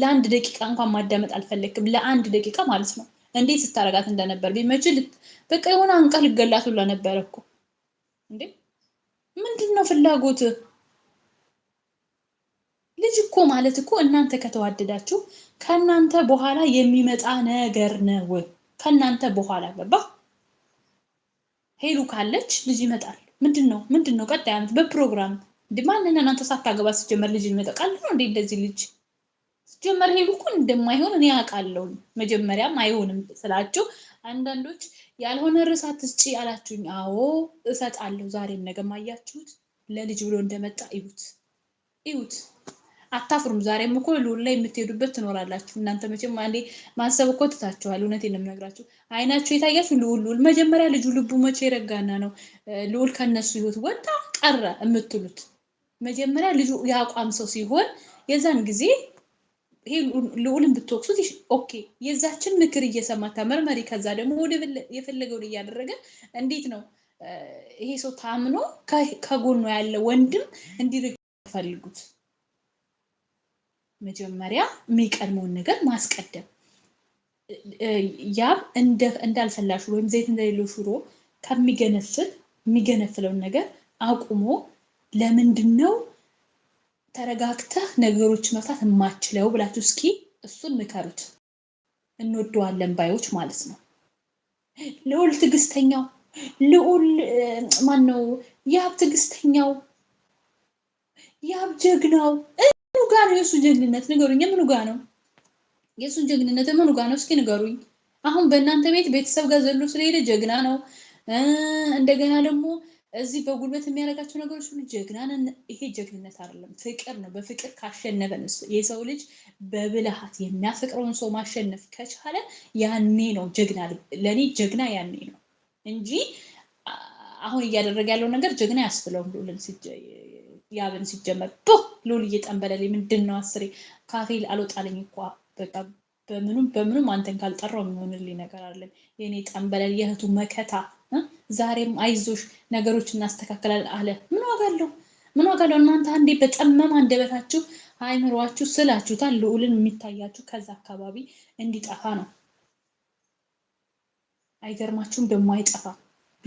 ለአንድ ደቂቃ እንኳን ማዳመጥ አልፈለግክም። ለአንድ ደቂቃ ማለት ነው። እንዴት ስታረጋት እንደነበር ቢመችል በቃ የሆነ አንቀህ ልገላት ሁላ ነበረ እኮ እንዴ! ምንድን ነው ፍላጎት? ልጅ እኮ ማለት እኮ እናንተ ከተዋደዳችሁ ከእናንተ በኋላ የሚመጣ ነገር ነው። ከእናንተ በኋላ ገባ ሄሉ ካለች ልጅ ይመጣል። ምንድን ነው ምንድን ነው ቀጣይ ዓመት በፕሮግራም እንዲ ማንን እናንተ ሳታገባ ሲጀመር ልጅ ይመጣ ቃል ነው እንዴ እንደዚህ ልጅ ሲጀመር ይሄ እኮ እንደማይሆን እኔ አውቃለሁ። መጀመሪያም አይሆንም ስላችሁ አንዳንዶች ያልሆነ ርዕስ አትስጪ አላችሁኝ። አዎ እሰጣለሁ። ዛሬም ነገም አያችሁት ለልጅ ብሎ እንደመጣ እዩት፣ እዩት። አታፍሩም። ዛሬም እኮ ልዑል ላይ የምትሄዱበት ትኖራላችሁ። እናንተ መቼም አንዴ ማሰብ እኮ ትታችኋል። እውነቴን ነው የምነግራችሁ። አይናችሁ የታያችሁ ልዑል ልዑል። መጀመሪያ ልጁ ልቡ መቼ የረጋና ነው ልዑል ከነሱ ህይወት ወጣ ቀረ የምትሉት መጀመሪያ ልጁ የአቋም ሰው ሲሆን የዛን ጊዜ ይሄ ልዑልን ብትወቅሱት ኦኬ፣ የዛችን ምክር እየሰማ ተመርመሪ፣ ከዛ ደግሞ ወደ የፈለገውን እያደረገ እንዴት ነው ይሄ ሰው ታምኖ ከጎኑ ያለ ወንድም እንዲርቅ ፈልጉት። መጀመሪያ የሚቀድመውን ነገር ማስቀደም ያም እንዳልፈላ ሽሮ ወይም ዘይት እንደሌለው ሽሮ ከሚገነፍል የሚገነፍለውን ነገር አቁሞ ለምንድን ነው ተረጋግተህ ነገሮች መፍታት የማችለው ብላችሁ እስኪ እሱን ምከሩት። እንወደዋለን ባዮች ማለት ነው። ልዑል ትዕግስተኛው፣ ልዑል ማን ነው? ያብ ትዕግስተኛው፣ ያብ ጀግናው ምኑ ጋ ነው የእሱ ጀግንነት? ንገሩኝ። ምኑ ጋ ነው የእሱ ጀግንነት? ምኑ ጋ ነው እስኪ ንገሩኝ። አሁን በእናንተ ቤት ቤተሰብ ጋር ዘሎ ስለሄደ ጀግና ነው። እንደገና ደግሞ እዚህ በጉልበት የሚያደርጋቸው ነገሮች ሁሉ ጀግና ነን። ይሄ ጀግንነት አይደለም፣ ፍቅር ነው። በፍቅር ካሸነፈን የሰው ልጅ በብልሃት የሚያፈቅረውን ሰው ማሸነፍ ከቻለ ያኔ ነው ጀግና። ለእኔ ጀግና ያኔ ነው እንጂ አሁን እያደረገ ያለው ነገር ጀግና ያስብለውም ሉልን ያብን ሲጀመር ቡ ሉል እየጠንበለል ምንድን ነው አስሬ ካፌል አልወጣልኝ እኳ በቃ በምኑም በምኑም አንተን ካልጠራው የሚሆንልኝ ነገር አለን የእኔ ጠንበለል የእህቱ መከታ ዛሬም አይዞሽ ነገሮች እናስተካክላለን አለ። ምን ዋጋ አለው? ምን ዋጋ አለው? እናንተ አንዴ በጠመም አንደበታችሁ አይምሯችሁ ስላችሁታል። ልዑልን የሚታያችሁ ከዛ አካባቢ እንዲጠፋ ነው። አይገርማችሁም? ደግሞ አይጠፋ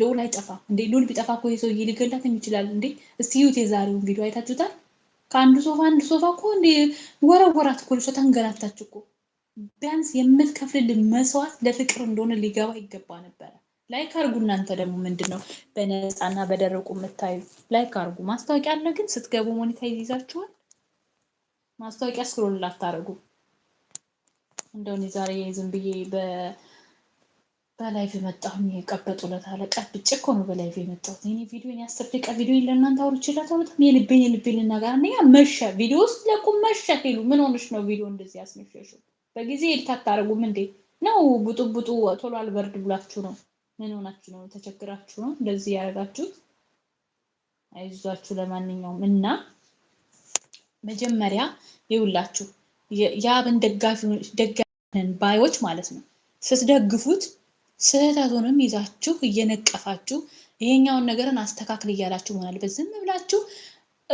ልዑል አይጠፋ እንዴ ልዑል ቢጠፋ እኮ የሰውዬ ሊገላትም ይችላል። እንዴ እስቲ ዩት የዛሬውን ቪዲዮ አይታችሁታል። ከአንዱ ሶፋ አንዱ ሶፋ እኮ እንዴ ወረወራት እኮ ልሶ ተንገላታችሁ እኮ ቢያንስ የምትከፍልልን መስዋዕት ለፍቅር እንደሆነ ሊገባ ይገባ ነበረ። ላይክ አርጉ። እናንተ ደግሞ ምንድን ነው በነፃና በደረቁ የምታዩ? ላይክ አርጉ። ማስታወቂያ አለ ግን ስትገቡ ሞኔታይዝ ይዛችኋል። ማስታወቂያ ስክሮል ላታረጉ። እንደውን ዛሬ ዝም ብዬ በላይቭ መጣሁኝ። የቀበጡ ለት አለ ቀብጭ እኮ ነው በላይቭ የመጣሁት። እኔ ቪዲዮ የአስር ደቂቃ ቪዲዮ ለእናንተ አውርቼላታ በጣም የልቤን የልቤን ልናገር። አንደኛ መሸ፣ ቪዲዮ ውስጥ ለቁ መሸ። ሄሉ ምን ሆነሽ ነው ቪዲዮ እንደዚህ ያስመሸሹ? በጊዜ ኤዲት አታረጉም እንዴ? ነው ቡጡ ቡጡ ቶሎ አልበርድ ብላችሁ ነው ምን ሆናችሁ ነው? ተቸግራችሁ ነው እንደዚህ ያደረጋችሁት? አይዟችሁ። ለማንኛውም እና መጀመሪያ ይውላችሁ የአብን ደጋፊ ባዮች ማለት ነው ስትደግፉት ስህተቱንም ይዛችሁ እየነቀፋችሁ ይሄኛውን ነገርን አስተካክል እያላችሁ መሆን አለበት። ብላችሁ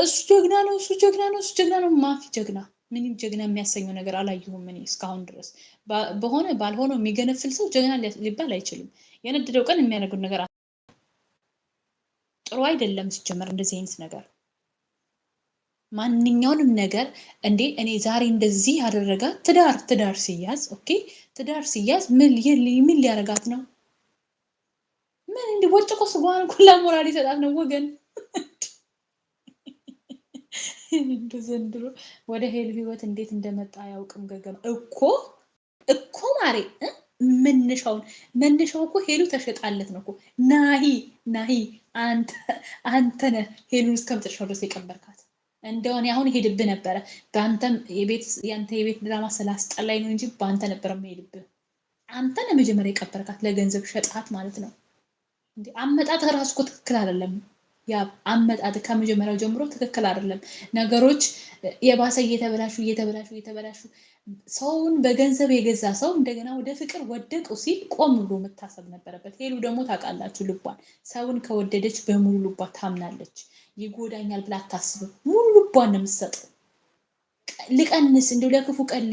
እሱ ጀግና ነው፣ እሱ ጀግና ነው፣ እሱ ጀግና ነው። ማፊ ጀግና ምንም ጀግና የሚያሰኘው ነገር አላየሁም እኔ እስካሁን ድረስ። በሆነ ባልሆነው የሚገነፍል ሰው ጀግና ሊባል አይችልም። የነደደው ቀን የሚያደርገው ነገር ጥሩ አይደለም ሲጀመር እንደዚህ አይነት ነገር ማንኛውንም ነገር እንዴ እኔ ዛሬ እንደዚህ ያደረጋት ትዳር ትዳር ሲያዝ ኦኬ ትዳር ሲያዝ ምን ምን ሊያደርጋት ነው? ምን እንዲህ ወጭቆ ጓን ኩላ ሞራል ይሰጣት ነው ወገን ዘንድሮ ወደ ሄሉ ህይወት እንዴት እንደመጣ አያውቅም። ገገም እኮ እኮ ማሬ መነሻውን መነሻው እኮ ሄሉ ተሸጣለት ነው እኮ ናሂ ናሂ አንተነ ሄሉን እስከ መጨረሻው ድረስ የቀበርካት እንደሆነ አሁን ሄድብህ ነበረ። በአንተም የቤት ድራማ ስላስጠላኝ ነው እንጂ በአንተ ነበረ ሄድብህ። አንተነ መጀመሪያ የቀበርካት ለገንዘብ ሸጣት ማለት ነው። አመጣትህ ራሱ እኮ ትክክል አይደለም። አመጣጥ ከመጀመሪያው ጀምሮ ትክክል አይደለም። ነገሮች የባሰ እየተበላሹ እየተበላሹ እየተበላሹ ሰውን በገንዘብ የገዛ ሰው እንደገና ወደ ፍቅር ወደቁ ሲል ቆም ብሎ መታሰብ ነበረበት። ሄሉ ደግሞ ታውቃላችሁ፣ ልቧን ሰውን ከወደደች በሙሉ ልቧ ታምናለች። ይጎዳኛል ብላ አታስብም። ሙሉ ልቧን ነው ልቀንስ እንዲሁ ለክፉ ቀን